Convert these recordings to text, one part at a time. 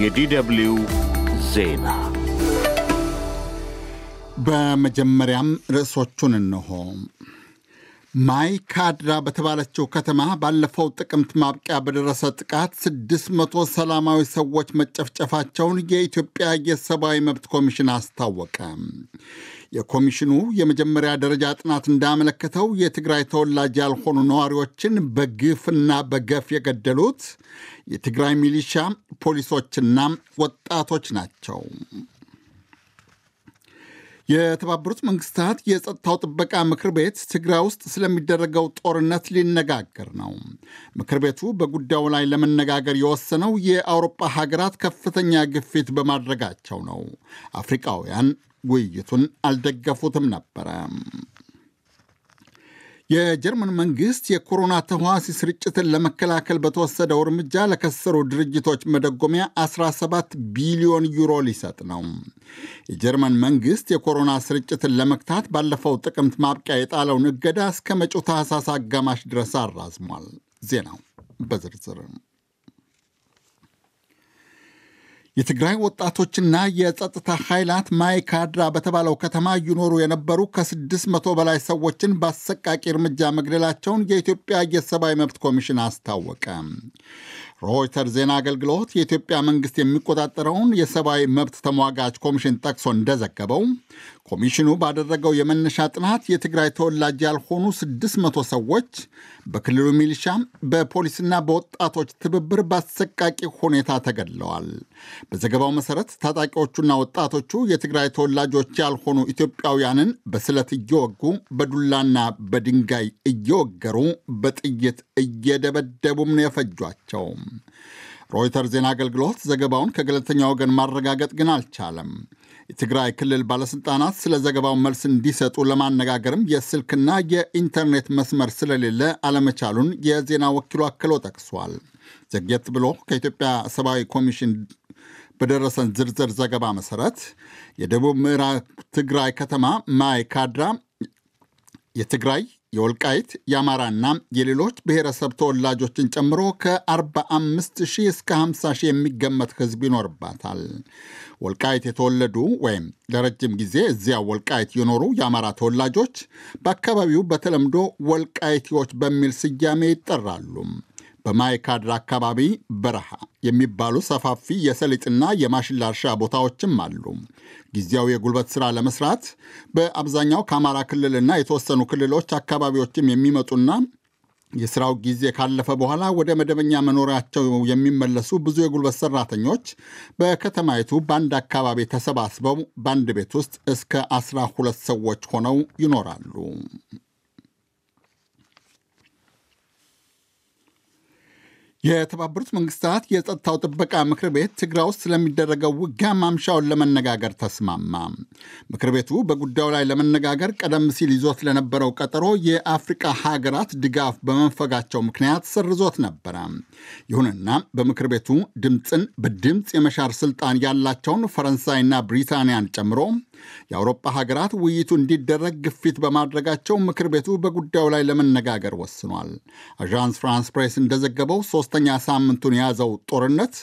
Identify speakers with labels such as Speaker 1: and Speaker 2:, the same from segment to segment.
Speaker 1: የዲደብልዩ ዜና በመጀመሪያም ርዕሶቹን እንሆ። ማይካድራ በተባለችው ከተማ ባለፈው ጥቅምት ማብቂያ በደረሰ ጥቃት 600 ሰላማዊ ሰዎች መጨፍጨፋቸውን የኢትዮጵያ የሰብአዊ መብት ኮሚሽን አስታወቀ። የኮሚሽኑ የመጀመሪያ ደረጃ ጥናት እንዳመለከተው የትግራይ ተወላጅ ያልሆኑ ነዋሪዎችን በግፍና በገፍ የገደሉት የትግራይ ሚሊሻ ፖሊሶችና ወጣቶች ናቸው። የተባበሩት መንግስታት የጸጥታው ጥበቃ ምክር ቤት ትግራይ ውስጥ ስለሚደረገው ጦርነት ሊነጋገር ነው። ምክር ቤቱ በጉዳዩ ላይ ለመነጋገር የወሰነው የአውሮፓ ሀገራት ከፍተኛ ግፊት በማድረጋቸው ነው። አፍሪቃውያን ውይይቱን አልደገፉትም ነበረ። የጀርመን መንግስት የኮሮና ተህዋሲ ስርጭትን ለመከላከል በተወሰደው እርምጃ ለከሰሩ ድርጅቶች መደጎሚያ 17 ቢሊዮን ዩሮ ሊሰጥ ነው። የጀርመን መንግስት የኮሮና ስርጭትን ለመግታት ባለፈው ጥቅምት ማብቂያ የጣለውን እገዳ እስከ መጪው ታህሳስ አጋማሽ ድረስ አራዝሟል። ዜናው በዝርዝር የትግራይ ወጣቶችና የጸጥታ ኃይላት ማይካድራ በተባለው ከተማ ይኖሩ የነበሩ ከ መቶ በላይ ሰዎችን በአሰቃቂ እርምጃ መግደላቸውን የኢትዮጵያ የሰብአዊ መብት ኮሚሽን አስታወቀ። ሮይተር ዜና አገልግሎት የኢትዮጵያ መንግስት የሚቆጣጠረውን የሰብአዊ መብት ተሟጋች ኮሚሽን ጠቅሶ እንደዘገበው ኮሚሽኑ ባደረገው የመነሻ ጥናት የትግራይ ተወላጅ ያልሆኑ 600 ሰዎች በክልሉ ሚሊሻ በፖሊስና በወጣቶች ትብብር በአሰቃቂ ሁኔታ ተገድለዋል። በዘገባው መሰረት ታጣቂዎቹና ወጣቶቹ የትግራይ ተወላጆች ያልሆኑ ኢትዮጵያውያንን በስለት እየወጉ በዱላና በድንጋይ እየወገሩ በጥይት እየደበደቡም ነው የፈጇቸው። ሮይተር ዜና አገልግሎት ዘገባውን ከገለልተኛ ወገን ማረጋገጥ ግን አልቻለም። የትግራይ ክልል ባለስልጣናት ስለ ዘገባው መልስ እንዲሰጡ ለማነጋገርም የስልክና የኢንተርኔት መስመር ስለሌለ አለመቻሉን የዜና ወኪሉ አክሎ ጠቅሷል። ዘግየት ብሎ ከኢትዮጵያ ሰብአዊ ኮሚሽን በደረሰን ዝርዝር ዘገባ መሰረት የደቡብ ምዕራብ ትግራይ ከተማ ማይ ካድራ የትግራይ የወልቃይት የአማራና የሌሎች ብሔረሰብ ተወላጆችን ጨምሮ ከ45 ሺህ እስከ 50 ሺህ የሚገመት ህዝብ ይኖርባታል። ወልቃይት የተወለዱ ወይም ለረጅም ጊዜ እዚያ ወልቃይት የኖሩ የአማራ ተወላጆች በአካባቢው በተለምዶ ወልቃይቲዎች በሚል ስያሜ ይጠራሉ። በማይካድራ አካባቢ በረሃ የሚባሉ ሰፋፊ የሰሊጥና የማሽላ እርሻ ቦታዎችም አሉ። ጊዜያዊ የጉልበት ሥራ ለመስራት በአብዛኛው ከአማራ ክልልና የተወሰኑ ክልሎች አካባቢዎችም የሚመጡና የሥራው ጊዜ ካለፈ በኋላ ወደ መደበኛ መኖሪያቸው የሚመለሱ ብዙ የጉልበት ሠራተኞች በከተማይቱ በአንድ አካባቢ ተሰባስበው በአንድ ቤት ውስጥ እስከ አስራ ሁለት ሰዎች ሆነው ይኖራሉ። የተባበሩት መንግስታት የጸጥታው ጥበቃ ምክር ቤት ትግራይ ውስጥ ስለሚደረገው ውጊያ ማምሻውን ለመነጋገር ተስማማ። ምክር ቤቱ በጉዳዩ ላይ ለመነጋገር ቀደም ሲል ይዞት ለነበረው ቀጠሮ የአፍሪቃ ሀገራት ድጋፍ በመንፈጋቸው ምክንያት ሰርዞት ነበረ። ይሁንና በምክር ቤቱ ድምፅን በድምፅ የመሻር ስልጣን ያላቸውን ፈረንሳይና ብሪታንያን ጨምሮ የአውሮፓ ሀገራት ውይይቱ እንዲደረግ ግፊት በማድረጋቸው ምክር ቤቱ በጉዳዩ ላይ ለመነጋገር ወስኗል። አዣንስ ፍራንስ ፕሬስ እንደዘገበው ሶስተኛ ሳምንቱን የያዘው ጦርነት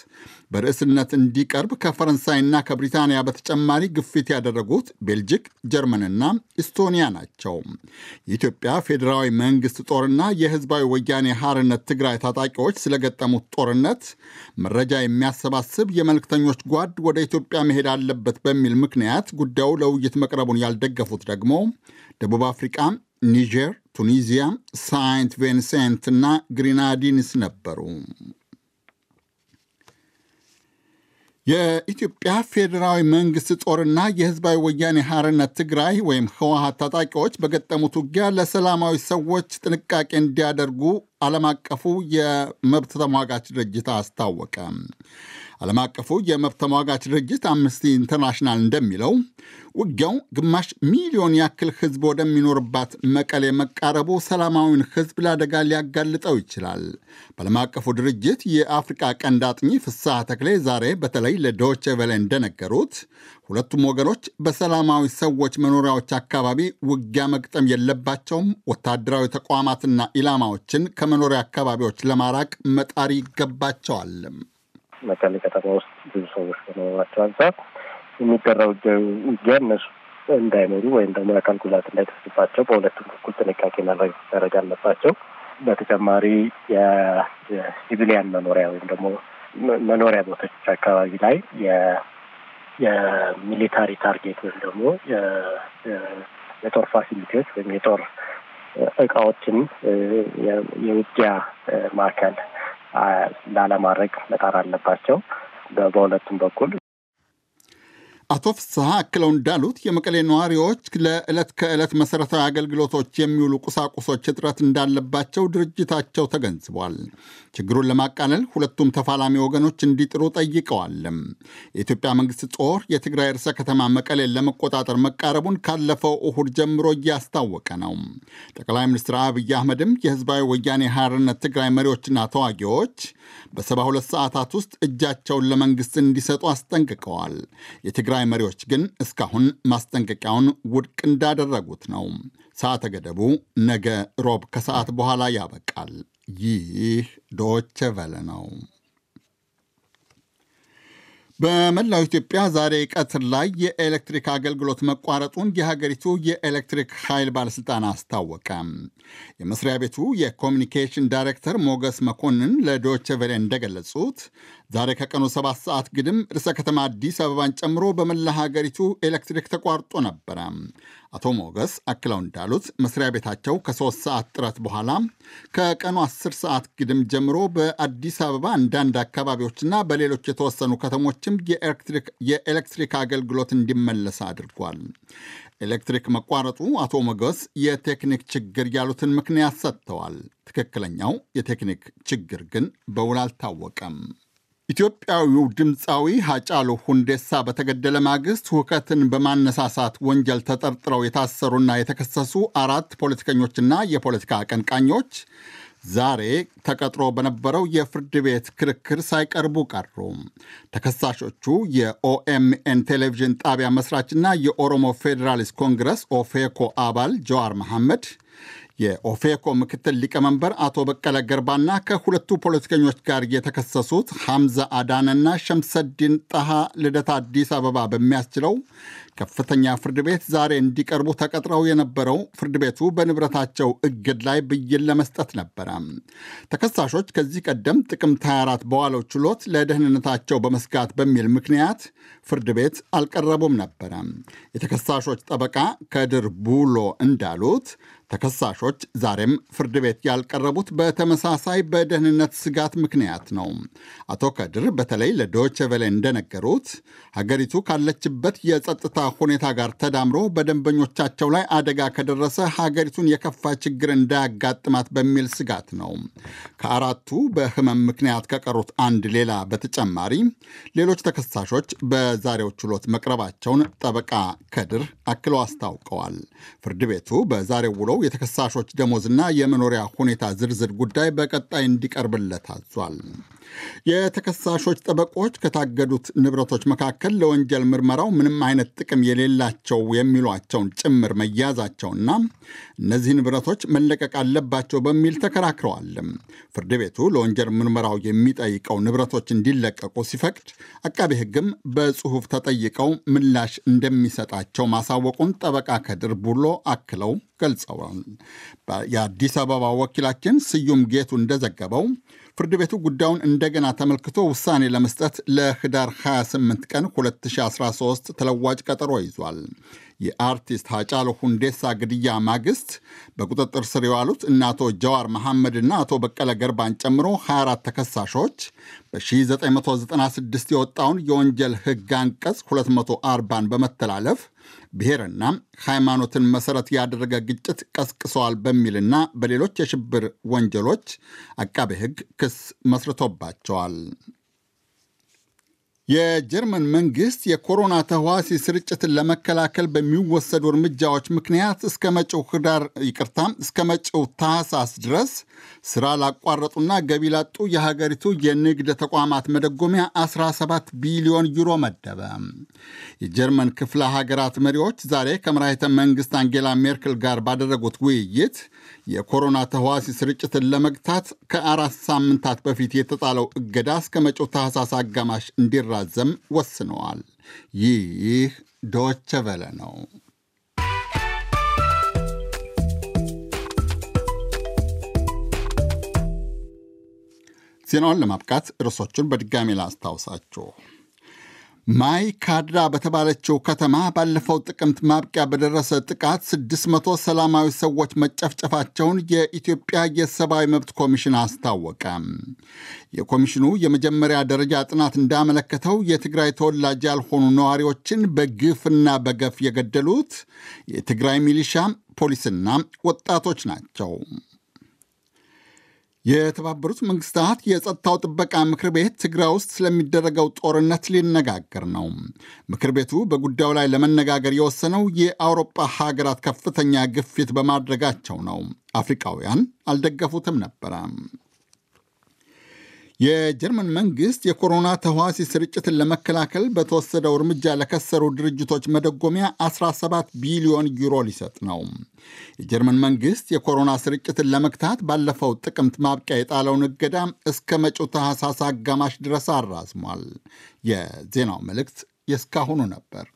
Speaker 1: በርዕስነት እንዲቀርብ ከፈረንሳይና ከብሪታንያ በተጨማሪ ግፊት ያደረጉት ቤልጂክ፣ ጀርመንና ኢስቶኒያ ናቸው። የኢትዮጵያ ፌዴራዊ መንግስት ጦርና የህዝባዊ ወያኔ ሐርነት ትግራይ ታጣቂዎች ስለገጠሙት ጦርነት መረጃ የሚያሰባስብ የመልክተኞች ጓድ ወደ ኢትዮጵያ መሄድ አለበት በሚል ምክንያት ጉዳዩ ለውይይት መቅረቡን ያልደገፉት ደግሞ ደቡብ አፍሪቃ፣ ኒጀር፣ ቱኒዚያ፣ ሳይንት ቬንሴንት እና ግሪናዲንስ ነበሩ። የኢትዮጵያ ፌዴራዊ መንግስት ጦርና የህዝባዊ ወያኔ ሐርነት ትግራይ ወይም ህወሀት ታጣቂዎች በገጠሙት ውጊያ ለሰላማዊ ሰዎች ጥንቃቄ እንዲያደርጉ ዓለም አቀፉ የመብት ተሟጋች ድርጅት አስታወቀ። ዓለም አቀፉ የመብት ተሟጋች ድርጅት አምነስቲ ኢንተርናሽናል እንደሚለው ውጊያው ግማሽ ሚሊዮን ያክል ህዝብ ወደሚኖርባት መቀሌ መቃረቡ ሰላማዊውን ህዝብ ለአደጋ ሊያጋልጠው ይችላል። በዓለም አቀፉ ድርጅት የአፍሪቃ ቀንድ አጥኚ ፍስሐ ተክሌ ዛሬ በተለይ ለዶች ቬለ እንደነገሩት ሁለቱም ወገኖች በሰላማዊ ሰዎች መኖሪያዎች አካባቢ ውጊያ መግጠም የለባቸውም። ወታደራዊ ተቋማትና ኢላማዎችን ከመኖሪያ አካባቢዎች ለማራቅ መጣር ይገባቸዋል። መቀሌ ከተማ ውስጥ ብዙ ሰዎች በመኖራቸው አንጻር የሚደረገው ውጊያ እነሱ እንዳይኖሩ ወይም ደግሞ የአካል ጉዳት እንዳይደርስባቸው በሁለቱም በኩል ጥንቃቄ ማድረግ አለባቸው። በተጨማሪ የሲቪሊያን መኖሪያ ወይም ደግሞ መኖሪያ ቦታዎች አካባቢ ላይ የሚሊታሪ ታርጌት ወይም ደግሞ የጦር ፋሲሊቲዎች ወይም የጦር እቃዎችን የውጊያ ማዕከል ላለማድረግ መጣር አለባቸው። በሁለቱም በኩል አቶ ፍስሐ አክለው እንዳሉት የመቀሌ ነዋሪዎች ለዕለት ከዕለት መሠረታዊ አገልግሎቶች የሚውሉ ቁሳቁሶች እጥረት እንዳለባቸው ድርጅታቸው ተገንዝቧል። ችግሩን ለማቃለል ሁለቱም ተፋላሚ ወገኖች እንዲጥሩ ጠይቀዋል። የኢትዮጵያ መንግሥት ጦር የትግራይ ርዕሰ ከተማ መቀሌን ለመቆጣጠር መቃረቡን ካለፈው እሁድ ጀምሮ እያስታወቀ ነው። ጠቅላይ ሚኒስትር አብይ አህመድም የህዝባዊ ወያኔ ሀርነት ትግራይ መሪዎችና ተዋጊዎች በሰባ ሁለት ሰዓታት ውስጥ እጃቸውን ለመንግሥት እንዲሰጡ አስጠንቅቀዋል። የትግራይ የትግራይ መሪዎች ግን እስካሁን ማስጠንቀቂያውን ውድቅ እንዳደረጉት ነው። ሰዓተ ገደቡ ነገ ሮብ ከሰዓት በኋላ ያበቃል። ይህ ዶቼ ቬለ ነው። በመላው ኢትዮጵያ ዛሬ ቀትር ላይ የኤሌክትሪክ አገልግሎት መቋረጡን የሀገሪቱ የኤሌክትሪክ ኃይል ባለሥልጣን አስታወቀ። የመስሪያ ቤቱ የኮሚኒኬሽን ዳይሬክተር ሞገስ መኮንን ለዶቼ ቬለ እንደገለጹት ዛሬ ከቀኑ ሰባት ሰዓት ግድም ርዕሰ ከተማ አዲስ አበባን ጨምሮ በመላ ሀገሪቱ ኤሌክትሪክ ተቋርጦ ነበረ። አቶ ሞገስ አክለው እንዳሉት መስሪያ ቤታቸው ከሶስት ሰዓት ጥረት በኋላ ከቀኑ አስር ሰዓት ግድም ጀምሮ በአዲስ አበባ አንዳንድ አካባቢዎችና በሌሎች የተወሰኑ ከተሞችም የኤሌክትሪክ አገልግሎት እንዲመለስ አድርጓል። ኤሌክትሪክ መቋረጡ አቶ ሞገስ የቴክኒክ ችግር ያሉትን ምክንያት ሰጥተዋል። ትክክለኛው የቴክኒክ ችግር ግን በውል አልታወቀም። ኢትዮጵያዊው ድምፃዊ ሀጫሉ ሁንዴሳ በተገደለ ማግስት ሁከትን በማነሳሳት ወንጀል ተጠርጥረው የታሰሩና የተከሰሱ አራት ፖለቲከኞችና የፖለቲካ አቀንቃኞች ዛሬ ተቀጥሮ በነበረው የፍርድ ቤት ክርክር ሳይቀርቡ ቀሩ። ተከሳሾቹ የኦኤምኤን ቴሌቪዥን ጣቢያ መስራችና የኦሮሞ ፌዴራሊስት ኮንግረስ ኦፌኮ አባል ጀዋር መሐመድ የኦፌኮ ምክትል ሊቀመንበር አቶ በቀለ ገርባና ከሁለቱ ፖለቲከኞች ጋር የተከሰሱት ሐምዛ አዳንና ሸምሰዲን ጠሃ ልደት አዲስ አበባ በሚያስችለው ከፍተኛ ፍርድ ቤት ዛሬ እንዲቀርቡ ተቀጥረው የነበረው ፍርድ ቤቱ በንብረታቸው እግድ ላይ ብይን ለመስጠት ነበረ። ተከሳሾች ከዚህ ቀደም ጥቅምት 24 በዋለው ችሎት ለደህንነታቸው በመስጋት በሚል ምክንያት ፍርድ ቤት አልቀረቡም ነበረ። የተከሳሾች ጠበቃ ከድር ቡሎ እንዳሉት ተከሳሾች ዛሬም ፍርድ ቤት ያልቀረቡት በተመሳሳይ በደህንነት ስጋት ምክንያት ነው። አቶ ከድር በተለይ ለዶይቼ ቬለ እንደነገሩት ሀገሪቱ ካለችበት የጸጥታ ሁኔታ ጋር ተዳምሮ በደንበኞቻቸው ላይ አደጋ ከደረሰ ሀገሪቱን የከፋ ችግር እንዳያጋጥማት በሚል ስጋት ነው። ከአራቱ በህመም ምክንያት ከቀሩት አንድ ሌላ በተጨማሪ ሌሎች ተከሳሾች በዛሬው ችሎት መቅረባቸውን ጠበቃ ከድር አክለው አስታውቀዋል። ፍርድ ቤቱ በዛሬው ውሎ የተከሳሾች ደሞዝና የመኖሪያ ሁኔታ ዝርዝር ጉዳይ በቀጣይ እንዲቀርብለት አዟል። የተከሳሾች ጠበቆች ከታገዱት ንብረቶች መካከል ለወንጀል ምርመራው ምንም አይነት ጥቅም የሌላቸው የሚሏቸውን ጭምር መያዛቸውና እነዚህ ንብረቶች መለቀቅ አለባቸው በሚል ተከራክረዋል። ፍርድ ቤቱ ለወንጀል ምርመራው የሚጠይቀው ንብረቶች እንዲለቀቁ ሲፈቅድ አቃቤ ሕግም በጽሑፍ ተጠይቀው ምላሽ እንደሚሰጣቸው ማሳወቁን ጠበቃ ከድር ቡሎ አክለው ገልጸዋል። የአዲስ አበባ ወኪላችን ስዩም ጌቱ እንደዘገበው ፍርድ ቤቱ ጉዳዩን እንደገና ተመልክቶ ውሳኔ ለመስጠት ለህዳር 28 ቀን 2013 ተለዋጭ ቀጠሮ ይዟል። የአርቲስት ሀጫሉ ሁንዴሳ ግድያ ማግስት በቁጥጥር ስር የዋሉት እነ አቶ ጀዋር መሐመድና አቶ በቀለ ገርባን ጨምሮ 24 ተከሳሾች በ1996 የወጣውን የወንጀል ሕግ አንቀጽ 240ን በመተላለፍ ብሔርና ሃይማኖትን መሠረት ያደረገ ግጭት ቀስቅሰዋል በሚልና በሌሎች የሽብር ወንጀሎች አቃቤ ሕግ ክስ መስርቶባቸዋል። የጀርመን መንግስት የኮሮና ተህዋሲ ስርጭትን ለመከላከል በሚወሰዱ እርምጃዎች ምክንያት እስከ መጪው ህዳር ይቅርታ እስከ መጪው ታህሳስ ድረስ ስራ ላቋረጡና ገቢ ላጡ የሀገሪቱ የንግድ ተቋማት መደጎሚያ 17 ቢሊዮን ዩሮ መደበ። የጀርመን ክፍለ ሀገራት መሪዎች ዛሬ ከምራይተ መንግስት አንጌላ ሜርክል ጋር ባደረጉት ውይይት የኮሮና ተህዋሲ ስርጭትን ለመግታት ከአራት ሳምንታት በፊት የተጣለው እገዳ እስከ መጪው ታህሳስ አጋማሽ እንዲራዘም ወስነዋል። ይህ ዶቸ ቨለ ነው። ዜናውን ለማብቃት ርዕሶቹን በድጋሚ ላስታውሳችሁ። ማይ ካድራ በተባለችው ከተማ ባለፈው ጥቅምት ማብቂያ በደረሰ ጥቃት 600 ሰላማዊ ሰዎች መጨፍጨፋቸውን የኢትዮጵያ የሰብአዊ መብት ኮሚሽን አስታወቀ። የኮሚሽኑ የመጀመሪያ ደረጃ ጥናት እንዳመለከተው የትግራይ ተወላጅ ያልሆኑ ነዋሪዎችን በግፍና በገፍ የገደሉት የትግራይ ሚሊሻ፣ ፖሊስና ወጣቶች ናቸው። የተባበሩት መንግስታት የጸጥታው ጥበቃ ምክር ቤት ትግራይ ውስጥ ስለሚደረገው ጦርነት ሊነጋገር ነው። ምክር ቤቱ በጉዳዩ ላይ ለመነጋገር የወሰነው የአውሮፓ ሀገራት ከፍተኛ ግፊት በማድረጋቸው ነው። አፍሪቃውያን አልደገፉትም ነበረ። የጀርመን መንግስት የኮሮና ተህዋሲ ስርጭትን ለመከላከል በተወሰደው እርምጃ ለከሰሩ ድርጅቶች መደጎሚያ 17 ቢሊዮን ዩሮ ሊሰጥ ነው። የጀርመን መንግስት የኮሮና ስርጭትን ለመግታት ባለፈው ጥቅምት ማብቂያ የጣለውን እገዳ እስከ መጪው ታህሳስ አጋማሽ ድረስ አራዝሟል። የዜናው መልእክት የእስካሁኑ ነበር።